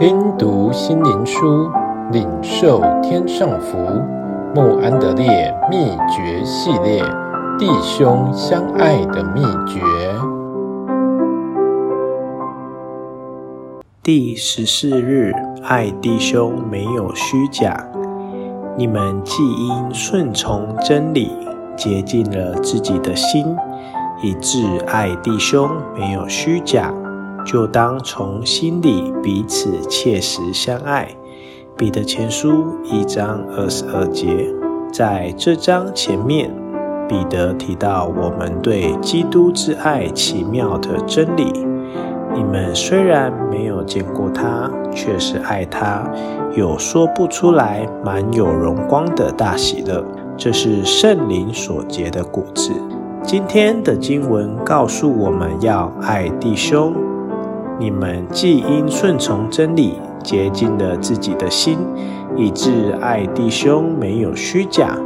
聽讀心靈書，領受天上福。慕安德烈秘訣系列，弟兄相愛的秘訣。第十四日，愛弟兄沒有虛假。你們既因順從真理，潔淨了自己的心，以致愛弟兄沒有虛假。就當從心裡彼此切實相愛。彼得前書一章二十二節，在這章前面，彼得提到我們對基督之愛奇妙的真理。你們雖然沒有見過他，卻是愛他，有說不出來滿有榮光的大喜樂，這是聖靈所結的果子。今天的經文告訴我們要愛弟兄。你們既因順從真理，潔淨了自己的心，以致愛弟兄沒有虛假，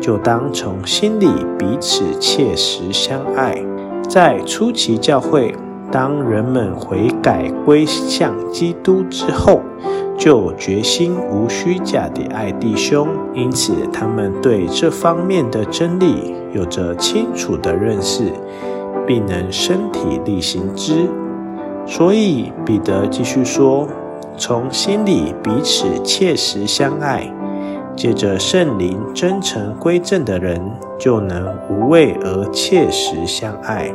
就當從心裡彼此切實相愛。在初期教會，當人們悔改歸向基督之後，就決心無虛假地愛弟兄，因此他們對這方面的真理有着清楚的認識，並能身體力行之。所以彼得繼續說：“從心裡彼此切實相愛，借着聖靈真誠歸正的人，就能無偽而切實相愛。”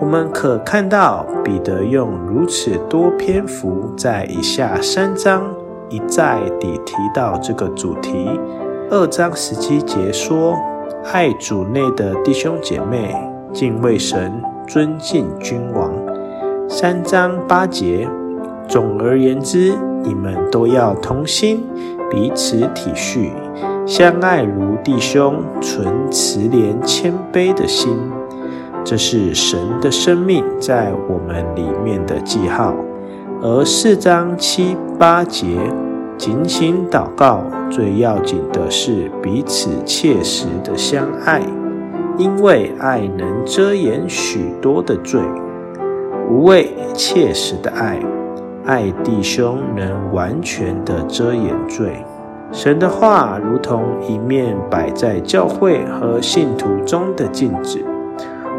我們可看到彼得用如此多篇幅，在以下三章一再地提到這個主題。二章十七節說：“愛主內的弟兄姐妹，敬畏神，尊敬君王。”三章八節，總而言之，你們都要同心，彼此體恤，相愛如弟兄，存慈憐謙卑的心，這是神的生命在我們裡面的記號。而四章七八節，緊緊禱告，最要緊的是彼此切實的相愛，因為愛能遮掩許多的罪。無偽切實的愛，愛弟兄能完全的遮掩罪。神的話如同一面擺在教會和信徒中的鏡子。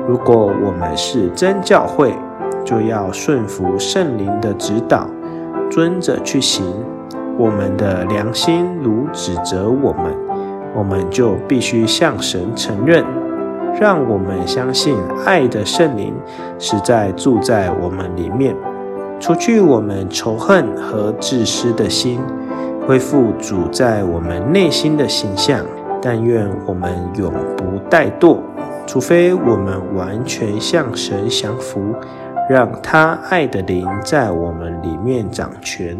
如果我們是真教會，就要順服聖靈的指導，遵著去行。我們的良心如指責我們，我們就必須向神承認。讓我們相信愛的聖靈實在住在我們裡面，除去我們仇恨和自私的心，恢復主在我們內心的形象。但願我們永不怠惰，除非我們完全向神降服，讓他愛的靈在我們裡面掌權。